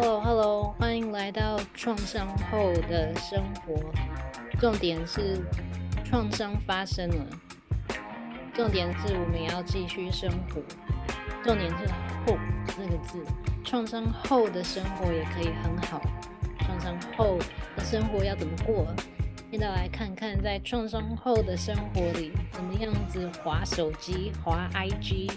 Hello，Hello，hello，歡迎來到創傷後的生活。重點是創傷發生了，重點是我們也要繼續生活。重點是“後”那、這個字，創傷後的生活也可以很好。創傷後的生活要怎麼過？現在來看看，在創傷後的生活裡，怎麼樣子滑手機、滑 IG。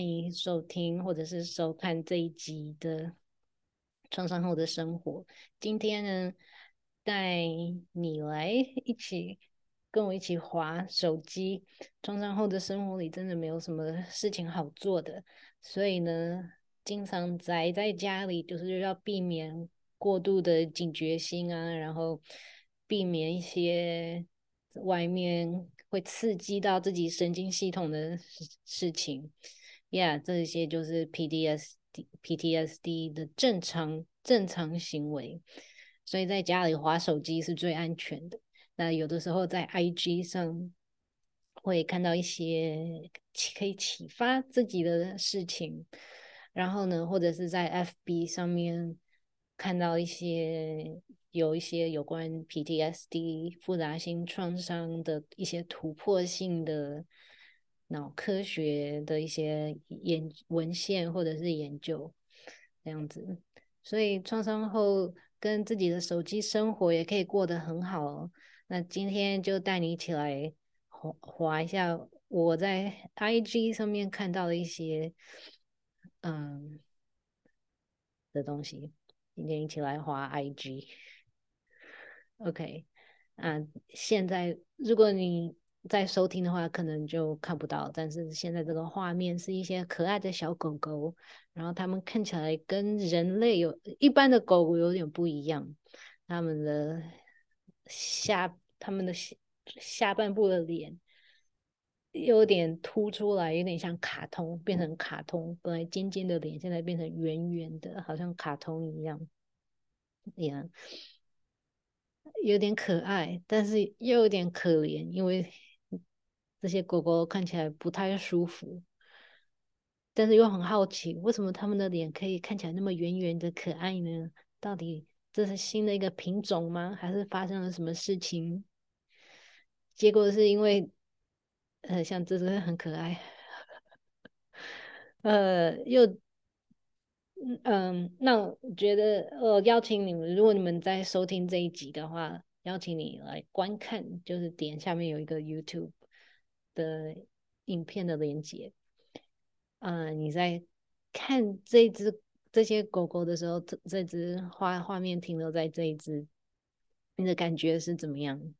歡迎收聽或者是收看這一集的《創傷後的生活》。今天呢，帶你來一起跟我一起滑手機。創傷後的生活裡，真的沒有什麼事情好做的，所以呢，經常宅在家裡，就是又要避免過度的警覺心啊，然後避免一些外面會刺激到自己神經系統的事、事情。Yeah，這些就是 PTSD、PTSD 的正常正常行為，所以在家裡滑手機是最安全的。那有的時候在 IG 上會看到一些可以啟發自己的事情，然後呢，或者是在 FB 上面看到一些有一些有關 PTSD 複雜性創傷的一些突破性的。腦科學的一些研文獻或者是研究這樣子，所以創傷後跟自己的手機生活也可以過得很好哦。那今天就帶你一起來滑滑一下我在 IG 上面看到的一些嗯的東西。今天一起來滑 IG，OK 啊，okay, 現在如果你，在收聽的話，可能就看不到。但是現在這個畫面是一些可愛的小狗狗，然後它們看起來跟人類有一般的狗狗有點不一樣。它們的下，它們的下下半部的臉有點凸出來，有點像卡通，變成卡通。本來尖尖的臉，現在變成圓圓的，好像卡通一樣，一樣，yeah. 有點可愛，但是又有點可憐，因為，這些狗狗看起來不太舒服，但是又很好奇，為什麼他們的臉可以看起來那麼圓圓的可愛呢？到底這是新的一個品種嗎？還是發生了什麼事情？結果是因為，呃，像這隻很可愛， 呃，又，嗯嗯，那我覺得，呃，邀請你們，如果你們在收聽這一集的話，邀請你來觀看，就是點下面有一個 YouTube。的影片的連接，呃，uh，你在看這隻這些狗狗的時候，這這隻畫畫面停留在這一隻，你的感覺是怎麼樣？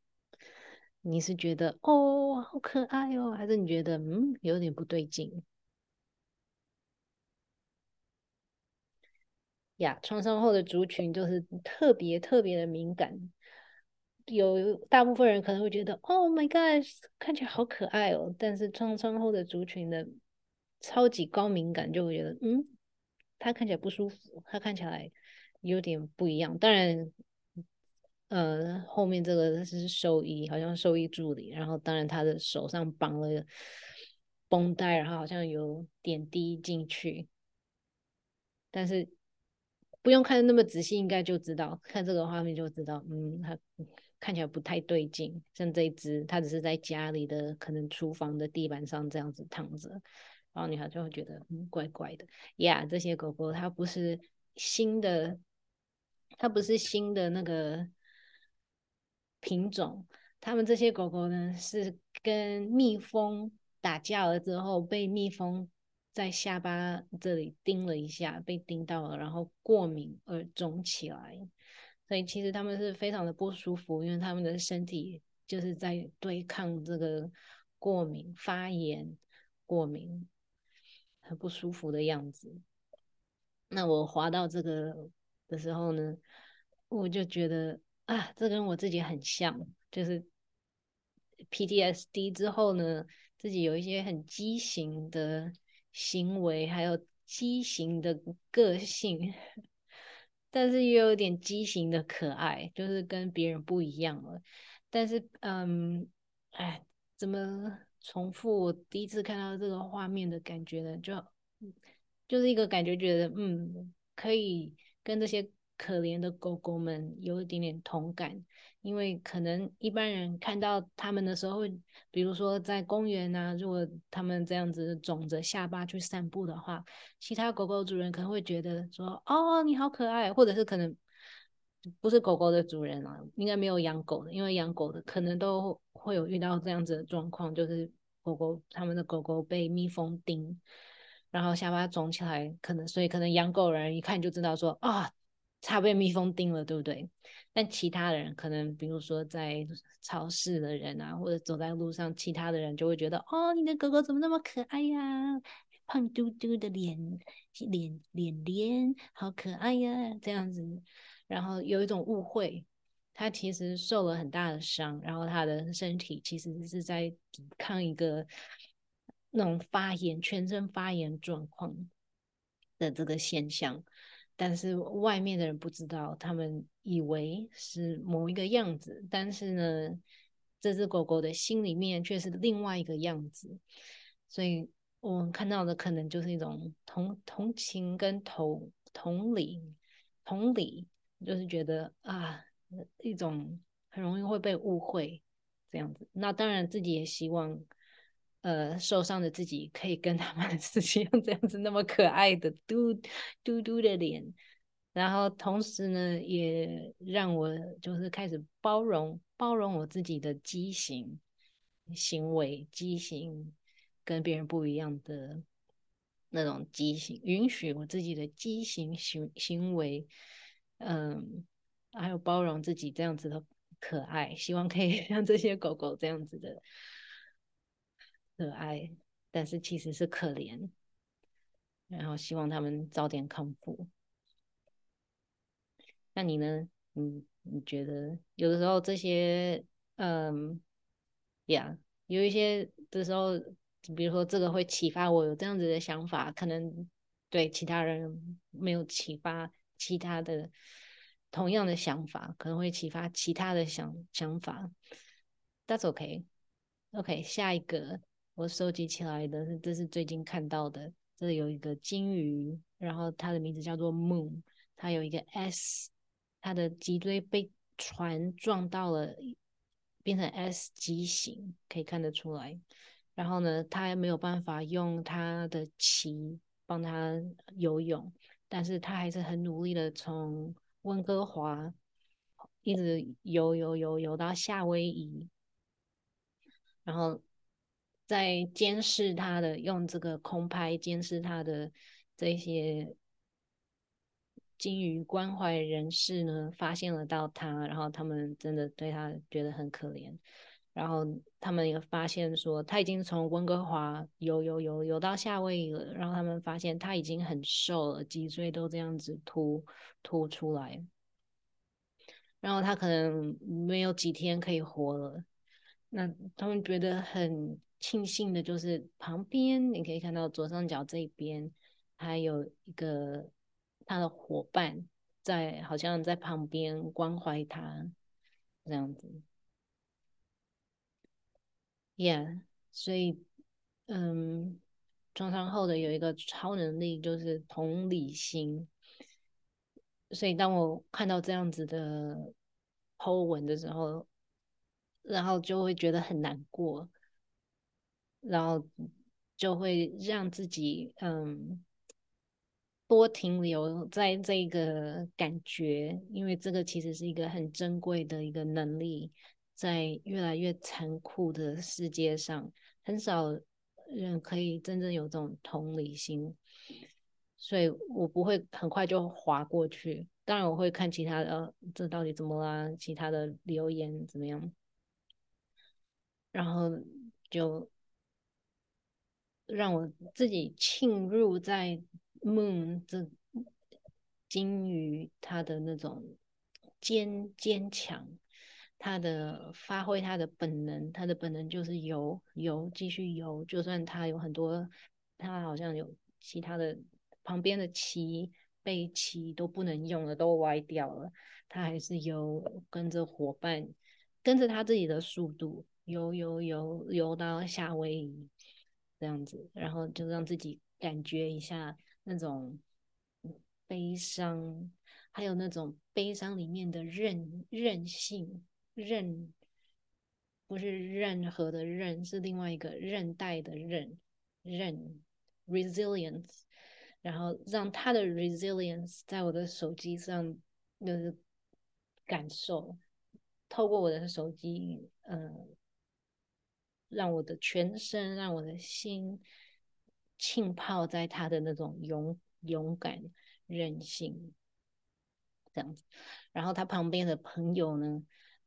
你是覺得哦好可愛哦，還是你覺得嗯有點不對勁？呀，創傷後的族群就是特別特別的敏感。有大部分人可能會覺得，Oh my God，看起來好可愛哦。但是創傷後的族群的超級高敏感，就會覺得，嗯，他看起來不舒服，他看起來有點不一樣。當然，呃，後面這個是獸醫，好像獸醫助理，然後當然他的手上綁了一個繃帶，然後好像有點滴進去。但是不用看的那麼仔細，應該就知道，看這個畫面就知道，嗯，他。看起來不太對勁，像這隻，它只是在家裡的，可能廚房的地板上這樣子躺着，然後女孩就會覺得嗯怪怪的。呀、Yeah，這些狗狗它不是新的，它不是新的那個品種，它們這些狗狗呢是跟蜜蜂打架了之後，被蜜蜂在下巴這裡叮了一下，被叮到了，然後過敏而腫起來。所以其實他們是非常的不舒服，因為他們的身體就是在對抗這個過敏、發炎、過敏，很不舒服的樣子。那我滑到這個的時候呢，我就覺得啊，這跟我自己很像，就是 PTSD 之後呢，自己有一些很畸形的行為，還有畸形的個性。但是又有點畸形的可愛，就是跟別人不一樣了。但是，嗯，哎，怎麼重複我第一次看到這個畫面的感覺呢？就就是一個感覺，覺得嗯，可以跟這些。可憐的狗狗們有一點點同感，因為可能一般人看到他們的時候會，會比如說在公園吶、啊，如果他們這樣子腫着下巴去散步的話，其他狗狗主人可能會覺得說：“哦，你好可愛。”或者是可能不是狗狗的主人啊，應該沒有養狗的，因為養狗的可能都會有遇到這樣子的狀況，就是狗狗他們的狗狗被蜜蜂叮，然後下巴腫起來，可能所以可能養狗人一看就知道說：“啊、哦。”差被蜜蜂叮了，對不對？但其他的人可能，比如說在超市的人啊，或者走在路上，其他的人就會覺得，哦，你的狗狗怎麼那麼可愛呀、啊？胖嘟嘟的臉，臉臉臉，好可愛呀、啊！這樣子，然後有一種誤會，它其實受了很大的傷，然後它的身體其實是在抵抗一個那種發炎、全身發炎狀況的這個現象。但是外面的人不知道，他們以為是某一個樣子，但是呢，這隻狗狗的心裡面卻是另外一個樣子，所以我們看到的可能就是一種同同情跟同同理，同理就是覺得啊，一種很容易會被誤會這樣子。那當然自己也希望。呃，受傷的自己可以跟他們像這樣子那麼可愛的嘟嘟嘟的臉，然後同時呢，也讓我就是開始包容包容我自己的畸形行為，畸形跟別人不一樣的那種畸形，允許我自己的畸形行行為，嗯、呃，還有包容自己這樣子的可愛，希望可以像這些狗狗這樣子的。可愛，但是其實是可憐。然後希望他們早點康復。那你呢？嗯，你，你覺得有的時候這些，嗯，呀，yeah，有一些的時候，比如說這個會啟發我有這樣子的想法，可能對其他人沒有啟發，其他的同樣的想法可能會啟發其他的想想法。That's OK。OK，下一個。我收集起來的，這是最近看到的。這有一個鯨魚，然後它的名字叫做 Moon，它有一個 S，它的脊椎被船撞到了，變成 S 畸形，可以看得出來。然後呢，它還沒有辦法用它的鰭幫它游泳，但是它還是很努力的從溫哥華一直游游游游到夏威夷，然後。在監視他的，用這個空拍監視他的這些鯨魚關懷人士呢，發現了到他，然後他們真的對他覺得很可憐，然後他們也發現說他已經從溫哥華游游游游到夏威夷了，然後他們發現他已經很瘦了，脊椎都這樣子凸凸出來，然後他可能沒有幾天可以活了，那他們覺得很。慶幸的就是旁邊你可以看到左上角這邊，還有一個他的夥伴在，好像在旁邊關懷他這樣子。Yeah，所以嗯，創傷後的有一個超能力就是同理心，所以當我看到這樣子的 po 文的時候，然後就會覺得很難過。然後就會讓自己嗯，多停留在這個感覺，因為這個其實是一個很珍貴的一個能力，在越來越殘酷的世界上，很少人可以真正有這種同理心，所以我不會很快就滑過去。當然，我會看其他的，哦，這到底怎麼啦？其他的留言怎麼樣？然後就。讓我自己浸入在 Moon 這鯨魚，它的那種堅堅強，它的發揮它的本能，它的本能就是游游繼續游，就算它有很多，它好像有其他的旁邊的鰭背鰭都不能用了，都歪掉了，它還是游跟着夥伴，跟着它自己的速度游游游游到夏威夷。這樣子，然後就讓自己感覺一下那種悲傷，還有那種悲傷裡面的韌韌性，韌不是任何的韌，是另外一個韌帶的韌，韌 resilience，然後讓他的 resilience 在我的手機上就是感受，透過我的手機，嗯、呃。讓我的全身，讓我的心浸泡在他的那種勇勇敢、任性這樣子，然後他旁邊的朋友呢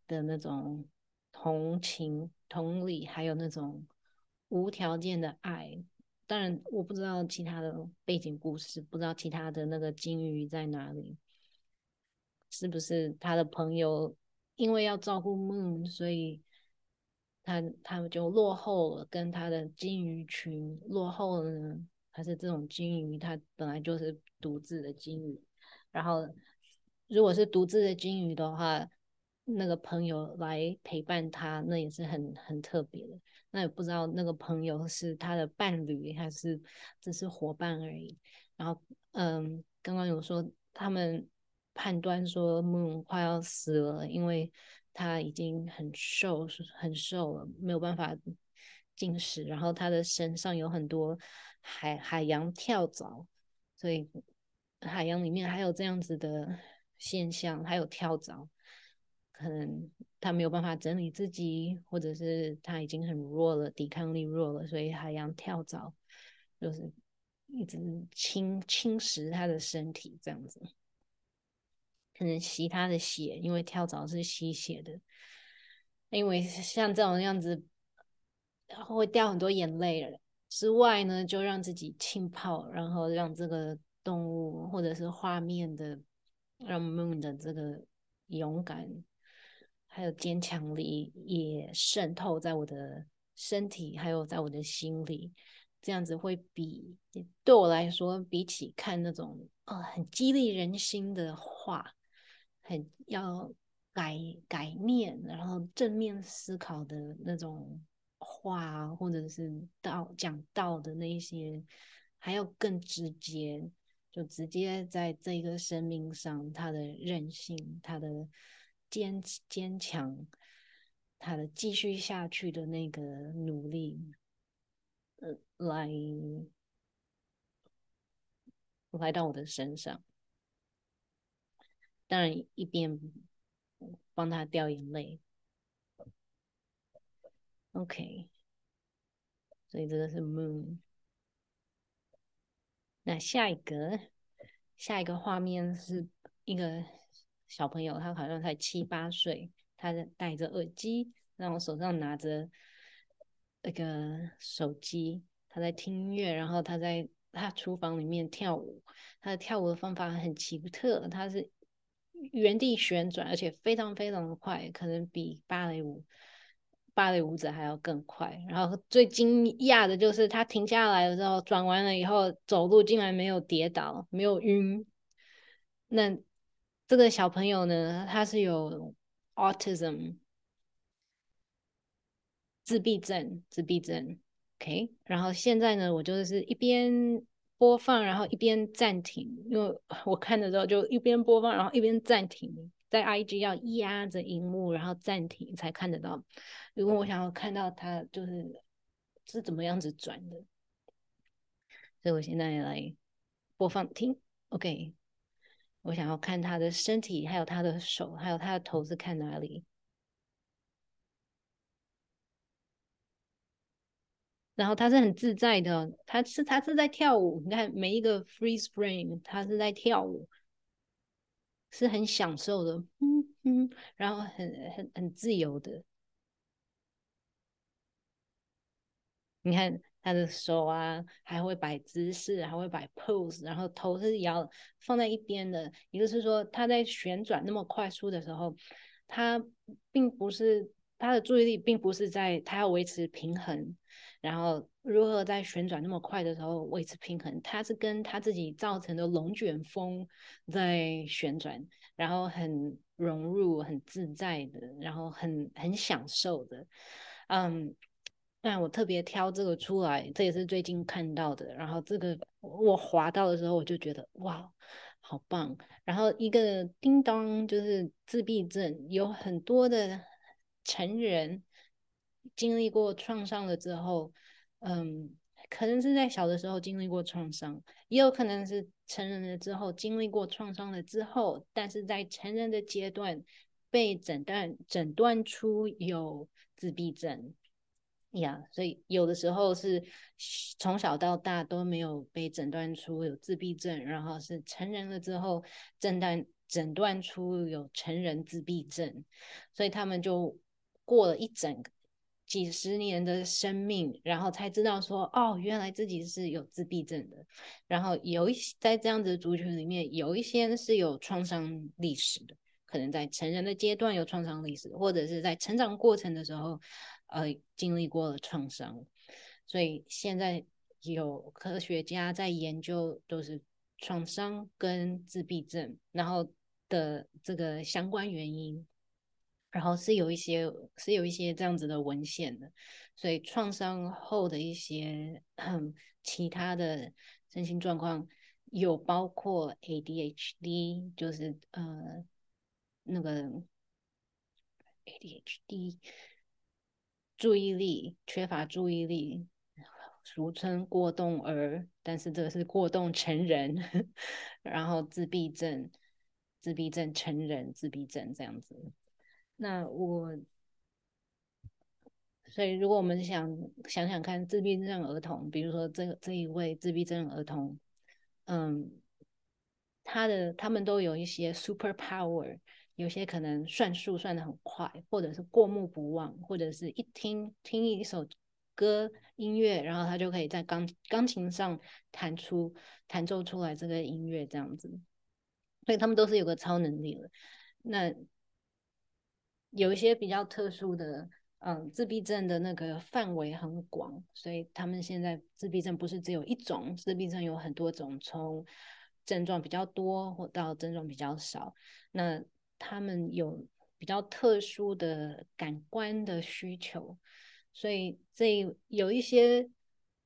的那種同情、同理，還有那種無條件的愛。當然，我不知道其他的背景故事，不知道其他的那個金魚在哪裡，是不是他的朋友因為要照顧夢，所以。他他們就落後了，跟他的鯨魚群落後了呢？還是這種鯨魚它本來就是獨自的鯨魚？然後，如果是獨自的鯨魚的話，那個朋友來陪伴他，那也是很很特別的。那也不知道那個朋友是他的伴侶還是只是夥伴而已。然後，嗯，剛剛有說他們判斷說慕容快要死了，因為。他已經很瘦，很瘦了，沒有辦法進食。然後他的身上有很多海海洋跳蚤，所以海洋裡面還有這樣子的現象，還有跳蚤。可能他沒有辦法整理自己，或者是他已經很弱了，抵抗力弱了，所以海洋跳蚤就是一直侵侵蝕他的身體，這樣子。可能吸他的血，因為跳蚤是吸血的。因為像這種樣子，會掉很多眼淚的。之外呢，就讓自己浸泡，然後讓這個動物或者是畫面的，讓 Moon 的這個勇敢還有堅強力也滲透在我的身體，還有在我的心裡。這樣子會比對我來說，比起看那種呃、哦、很激勵人心的話。很要改改念，然後正面思考的那種話，或者是道講道的那一些，還要更直接，就直接在這個生命上，他的韌性，他的堅堅強，他的繼續下去的那個努力，呃，來來到我的身上。當然，一邊幫他掉眼淚。OK，所以這個是 Moon。那下一個，下一個畫面是一個小朋友，他好像才七八歲，他在戴着耳機，然後手上拿着一個手機，他在聽音樂，然後他在他廚房裡面跳舞。他的跳舞的方法很奇特，他是。原地旋轉，而且非常非常的快，可能比芭蕾舞芭蕾舞者還要更快。然後最驚訝的就是他停下來的時候，轉完了以後，走路竟然沒有跌倒，沒有暈。那這個小朋友呢，他是有 autism 自閉症，自閉症。OK，然後現在呢，我就是一邊。播放，然後一邊暫停，因為我看的時候就一邊播放，然後一邊暫停。在 IG 要壓着熒幕，然後暫停才看得到。如果我想要看到他，就是是怎麼樣子轉的，所以我現在來播放聽。OK，我想要看他的身體，還有他的手，還有他的頭是看哪裡？然後他是很自在的，他是他是在跳舞，你看每一個 free spring 他是在跳舞，是很享受的，嗯嗯，然後很很很自由的，你看他的手啊，還會擺姿勢，還會擺 pose，然後頭是搖放在一邊的，也就是說他在旋轉那麼快速的時候，他並不是。他的注意力並不是在他要維持平衡，然後如何在旋轉那麼快的時候維持平衡，他是跟他自己造成的龍捲風在旋轉，然後很融入、很自在的，然後很很享受的。嗯，um，那我特別挑這個出來，這也是最近看到的。然後這個我滑到的時候，我就覺得哇，好棒！然後一個叮當，就是自閉症有很多的。成人經歷過創傷了之後，嗯，可能是在小的時候經歷過創傷，也有可能是成人了之後經歷過創傷了之後，但是在成人的階段被診斷診斷出有自閉症呀，yeah, 所以有的時候是從小到大都沒有被診斷出有自閉症，然後是成人了之後診斷診斷出有成人自閉症，所以他們就。過了一整幾十年的生命，然後才知道說，哦，原來自己是有自閉症的。然後有一些在這樣子的族群裡面，有一些是有創傷歷史的，可能在成人的階段有創傷歷史，或者是在成長過程的時候，呃，經歷過了創傷。所以現在有科學家在研究，都是創傷跟自閉症然後的這個相關原因。然後是有一些，是有一些這樣子的文獻的，所以創傷後的一些嗯其他的身心狀況有包括 ADHD，就是呃那個 ADHD 注意力缺乏注意力，俗稱過動兒，但是這個是過動成人，然後自閉症自閉症成人自閉症這樣子。那我，所以如果我們想想想看自閉症兒童，比如說這個這一位自閉症兒童，嗯，他的他們都有一些 super power，有些可能算數算得很快，或者是過目不忘，或者是一聽聽一首歌音樂，然後他就可以在鋼鋼琴上彈出彈奏出來這個音樂這樣子，所以他們都是有個超能力的，那。有一些比較特殊的，嗯，自閉症的那個範圍很廣，所以他們現在自閉症不是只有一種，自閉症有很多種，從症狀比較多或到症狀比較少，那他們有比較特殊的感官的需求，所以這有一些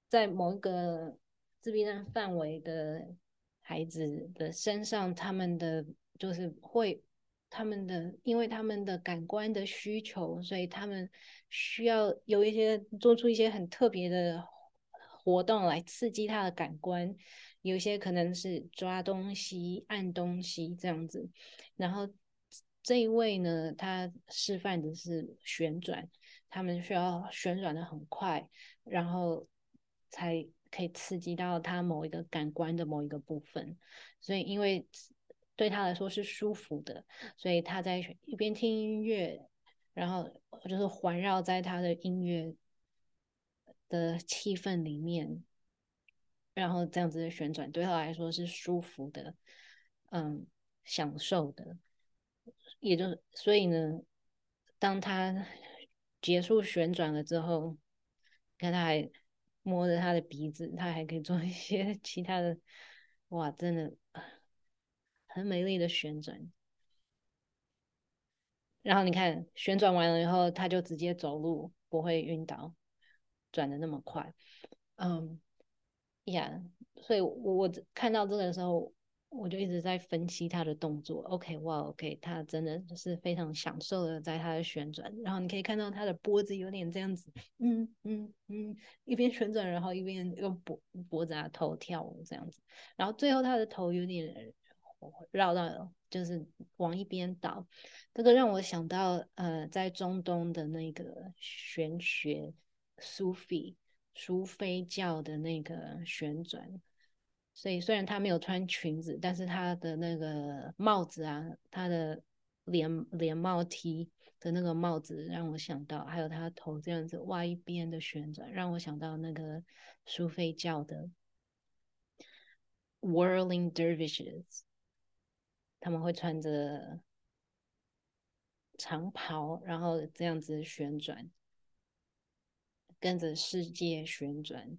在某一個自閉症範圍的孩子的身上，他們的就是會。他們的因為他們的感官的需求，所以他們需要有一些做出一些很特別的活動來刺激他的感官。有些可能是抓東西、按東西這樣子。然後這一位呢，他示範的是旋轉，他們需要旋轉得很快，然後才可以刺激到他某一個感官的某一個部分。所以因為。對他來說是舒服的，所以他在一邊聽音樂，然後就是環繞在他的音樂的氣氛裡面，然後這樣子的旋轉對他來說是舒服的，嗯，享受的，也就所以呢，當他結束旋轉了之後，看他還摸着他的鼻子，他還可以做一些其他的，哇，真的。很美麗的旋轉，然後你看旋轉完了以後，他就直接走路，不會暈倒，轉的那麼快。嗯，呀，所以我，我看到這個時候，我就一直在分析他的動作。OK，哇，wow，OK，他真的就是非常享受的在他的旋轉。然後你可以看到他的脖子有點這樣子，嗯嗯嗯，一邊旋轉，然後一邊用脖脖子啊頭跳舞這樣子。然後最後他的頭有點，繞到就是往一邊倒，這個讓我想到呃，在中東的那個玄學蘇菲蘇菲教的那個旋轉。所以雖然他沒有穿裙子，但是他的那個帽子啊，他的連連帽 T 的那個帽子讓我想到，還有他頭這樣子歪一邊的旋轉，讓我想到那個蘇菲教的 Whirling Dervishes。Wh 他們會穿着長袍，然後這樣子旋轉，跟着世界旋轉，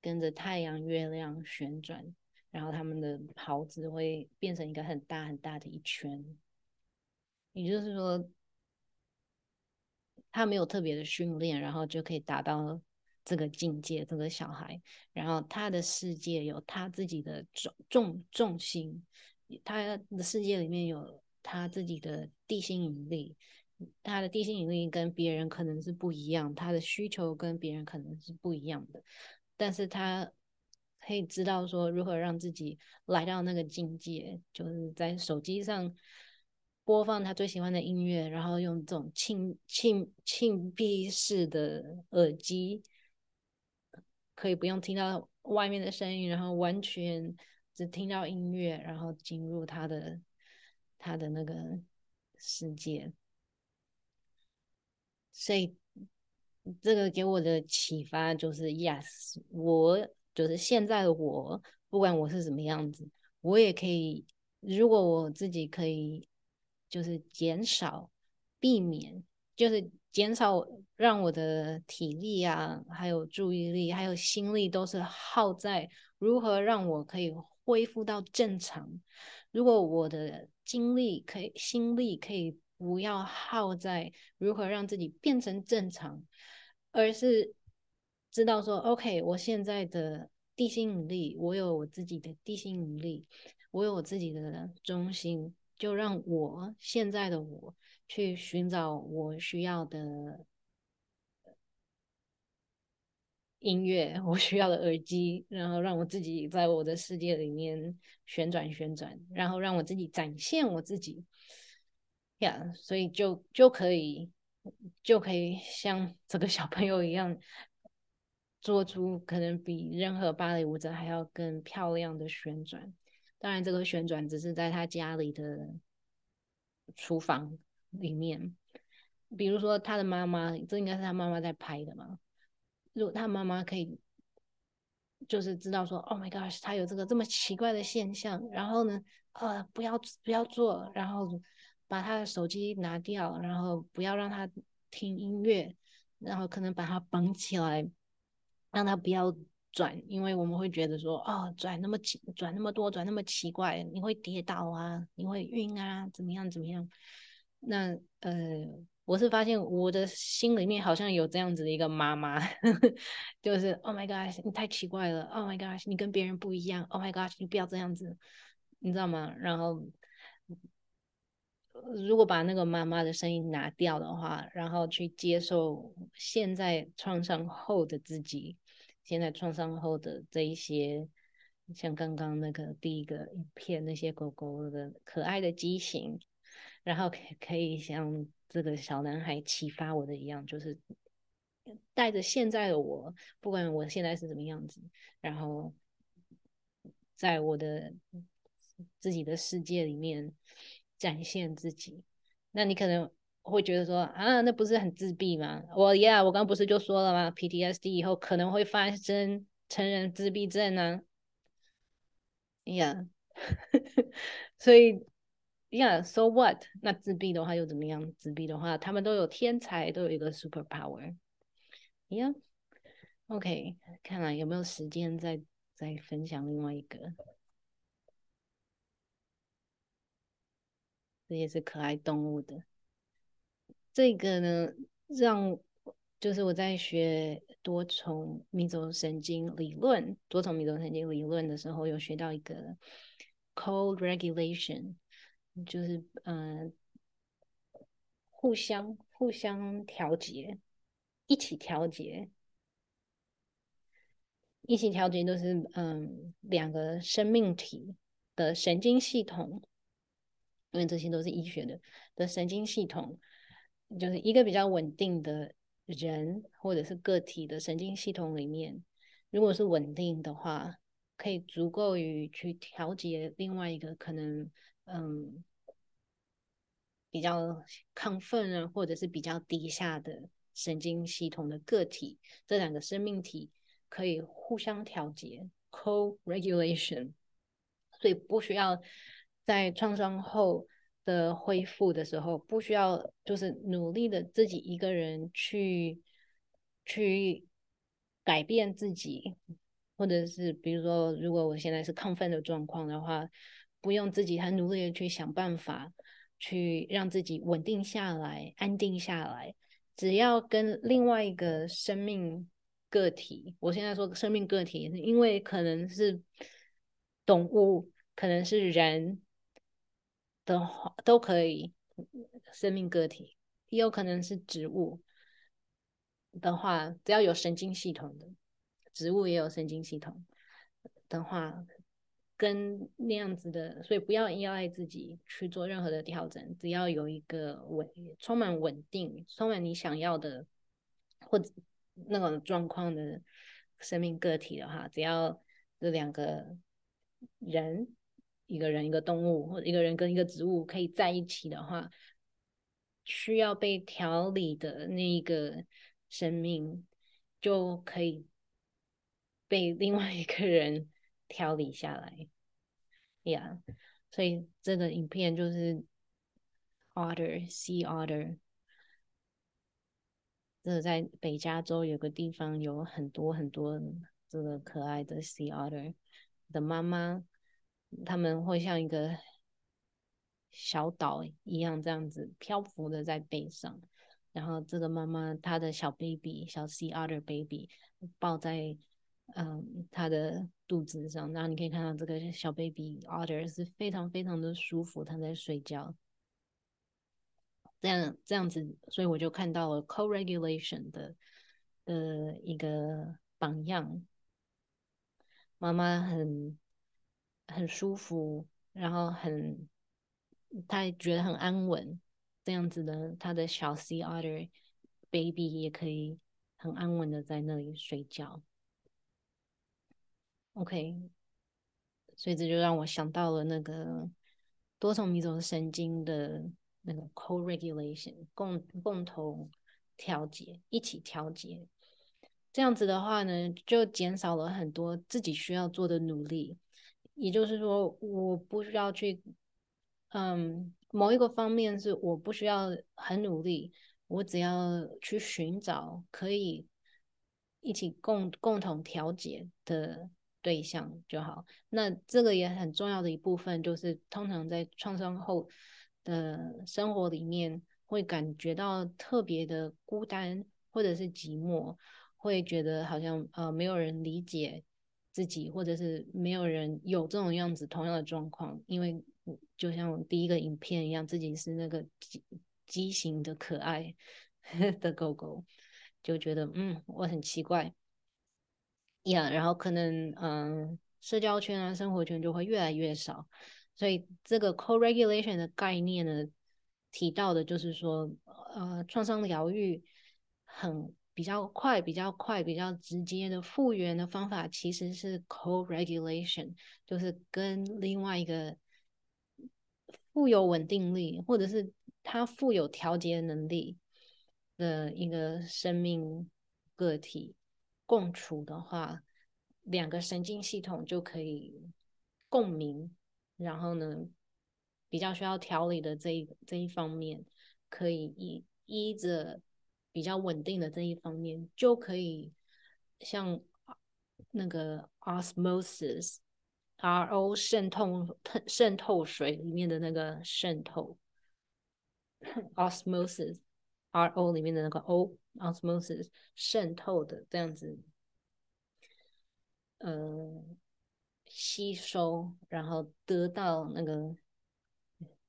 跟着太陽、月亮旋轉，然後他們的袍子會變成一個很大很大的一圈。也就是說，他沒有特別的訓練，然後就可以達到這個境界。這個小孩，然後他的世界有他自己的重重重心。他的世界裡面有他自己的地心引力，他的地心引力跟別人可能是不一樣，他的需求跟別人可能是不一樣的，但是他可以知道說如何讓自己來到那個境界，就是在手機上播放他最喜歡的音樂，然後用這種清、清、清閉式的耳機，可以不用聽到外面的聲音，然後完全。只聽到音樂，然後進入他的他的那個世界，所以這個給我的啟發就是，Yes，我就是現在的我，不管我是什麼樣子，我也可以。如果我自己可以，就是減少、避免，就是減少讓我的體力啊，還有注意力，還有心力，都是耗在如何讓我可以。恢復到正常。如果我的精力可以、心力可以不要耗在如何讓自己變成正常，而是知道說，OK，我現在的地心引力，我有我自己的地心引力，我有我自己的中心，就讓我現在的我去尋找我需要的音樂，我需要的耳機，然後讓我自己在我的世界裡面旋轉旋轉，然後讓我自己展現我自己，呀、yeah，所以就就可以就可以像這個小朋友一樣做出可能比任何芭蕾舞者還要更漂亮的旋轉。當然，這個旋轉只是在他家裡的廚房裡面，比如說他的媽媽，這應該是他媽媽在拍的嘛。如果他媽媽可以，就是知道說，Oh my God，他有這個這麼奇怪的現象，然後呢，呃、哦，不要不要做，然後把他的手機拿掉，然後不要讓他聽音樂，然後可能把他綁起來，讓他不要轉，因為我們會覺得說，哦，轉那麼奇，轉那麼多，轉那麼奇怪，你會跌倒啊，你會暈啊，怎麼樣怎麼樣？那呃。我是發現我的心裡面好像有這樣子的一個媽媽， 就是 Oh my god，你太奇怪了，Oh my god，你跟別人不一樣，Oh my god，你不要這樣子，你知道嗎？然後如果把那個媽媽的聲音拿掉的話，然後去接受現在創傷後的自己，現在創傷後的這一些，像剛剛那個第一個影片，那些狗狗的可愛的畸形，然後可以像。這個小男孩啟發我的一樣，就是帶着現在的我，不管我現在是什麼樣子，然後在我的自己的世界裡面展現自己。那你可能會覺得說啊，那不是很自閉嗎？我呀，我剛不是就說了嗎？PTSD 以後可能會發生成人自閉症啊，呀、yeah. 所以。Yeah, so what? 那自閉的話又怎麼樣？自閉的話，他們都有天才，都有一個 super power。Yeah, OK，看來有沒有時間再再分享另外一個？這也是可愛動物的。這個呢，讓就是我在學多重迷走神經理論，多重迷走神經理論的時候，有學到一個 co-regulation。就是嗯，互相互相調節，一起調節，一起調節都是嗯，兩個生命體的神經系統，因為這些都是醫學的的神經系統，就是一個比較穩定的人或者是個體的神經系統裡面，如果是穩定的話，可以足夠於去調節另外一個可能。嗯，比較亢奮啊，或者是比較低下的神經系統的個體，這兩個生命體可以互相調節 （co-regulation），所以不需要在創傷後的恢復的時候，不需要就是努力的自己一個人去去改變自己，或者是比如說，如果我現在是亢奮的狀況的話。不用自己，很努力的去想辦法，去讓自己穩定下來、安定下來。只要跟另外一個生命個體，我現在說生命個體，因為可能是動物，可能是人的話都可以，生命個體也有可能是植物的話，只要有神經系統的植物也有神經系統的話。跟那樣子的，所以不要依賴自己去做任何的調整。只要有一個穩、充滿穩定、充滿你想要的或者那種狀況的生命個體的話，只要這兩個人、一個人、一個動物，或者一個人跟一個植物可以在一起的話，需要被調理的那一個生命就可以被另外一個人。調理下來，Yeah，所以這個影片就是 Otter Sea Otter。這個在北加州有個地方，有很多很多這個可愛的 Sea Otter 的媽媽，他們會像一個小島一樣這樣子漂浮的在背上，然後這個媽媽她的小 baby 小 Sea Otter baby 抱在。嗯，他的肚子上，然後你可以看到這個小 baby otter 是非常非常的舒服，他在睡覺。這樣這樣子，所以我就看到了 co-regulation 的呃一個榜樣。媽媽很很舒服，然後很他也覺得很安穩，這樣子的他的小 sea otter baby 也可以很安穩的在那裡睡覺。OK，所以這就讓我想到了那個多重迷走神經的那個 co-regulation 共共同調節，一起調節。這樣子的話呢，就減少了很多自己需要做的努力。也就是說，我不需要去，嗯，某一個方面是我不需要很努力，我只要去尋找可以一起共共同調節的。對象就好，那這個也很重要的一部分，就是通常在創傷後的生活裡面，會感覺到特別的孤單或者是寂寞，會覺得好像呃沒有人理解自己，或者是沒有人有這種樣子同樣的狀況，因為就像我第一個影片一樣，自己是那個畸畸形的可愛的狗狗，就覺得嗯，我很奇怪。呀、yeah, 然後可能嗯，社交圈啊，生活圈就會越來越少。所以這個 co-regulation 的概念呢，提到的就是說，呃，創傷療癒很比較快、比較快、比較直接的復原的方法，其實是 co-regulation，就是跟另外一個富有穩定力，或者是他富有調節能力的一個生命個體。共處的話，兩個神經系統就可以共鳴，然後呢，比較需要調理的這一這一方面，可以依依着比較穩定的這一方面，就可以像那個 osmosis RO 滲透滲透水裡面的那個滲透 osmosis RO 裡面的那個 O。Osmosis 滲透的這樣子，呃，吸收，然後得到那個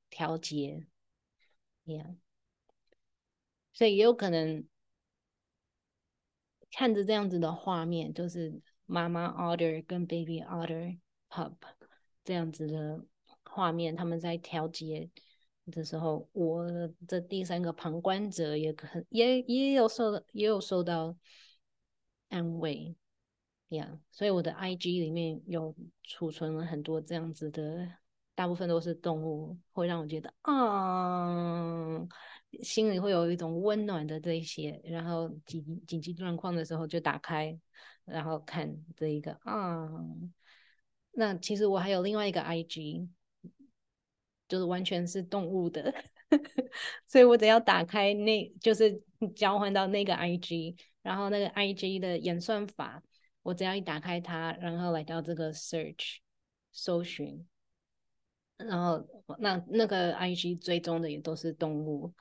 調節，Yeah，所以也有可能看着這樣子的畫面，就是媽媽 otter 跟 baby otter pup 這樣子的畫面，他們在調節。的時候，我的這第三個旁觀者也很也也有受到也有受到安慰呀，yeah, 所以我的 IG 裡面有儲存了很多這樣子的，大部分都是動物，會讓我覺得啊，心裡會有一種溫暖的這些，然後緊緊急狀況的時候就打開，然後看這一個啊，那其實我還有另外一個 IG。就是完全是動物的， 所以我只要打開那，就是交換到那個 IG，然後那個 IG 的演算法，我只要一打開它，然後來到這個 search 搜尋，然後那那個 IG 追蹤的也都是動物，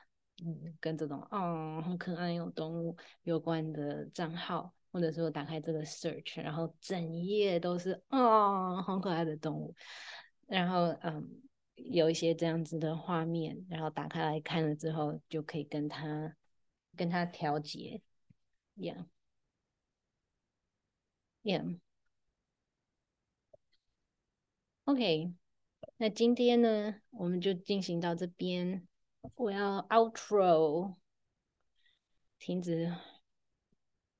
嗯，跟這種哦很可愛的動物有關的賬號，或者說打開這個 search，然後整一頁都是哦很可愛的動物，然後嗯。有一些這樣子的畫面，然後打開來看了之後，就可以跟他跟他調節 yeah, yeah。OK，那今天呢，我們就進行到這邊。我要 outro，停止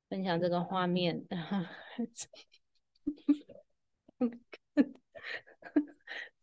分享這個畫面。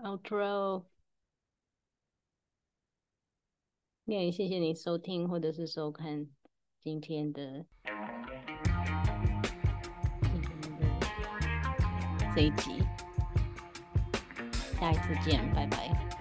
Outro，也、yeah, 謝謝你收聽或者是收看今天的,今天的這一集，下一次見，拜拜。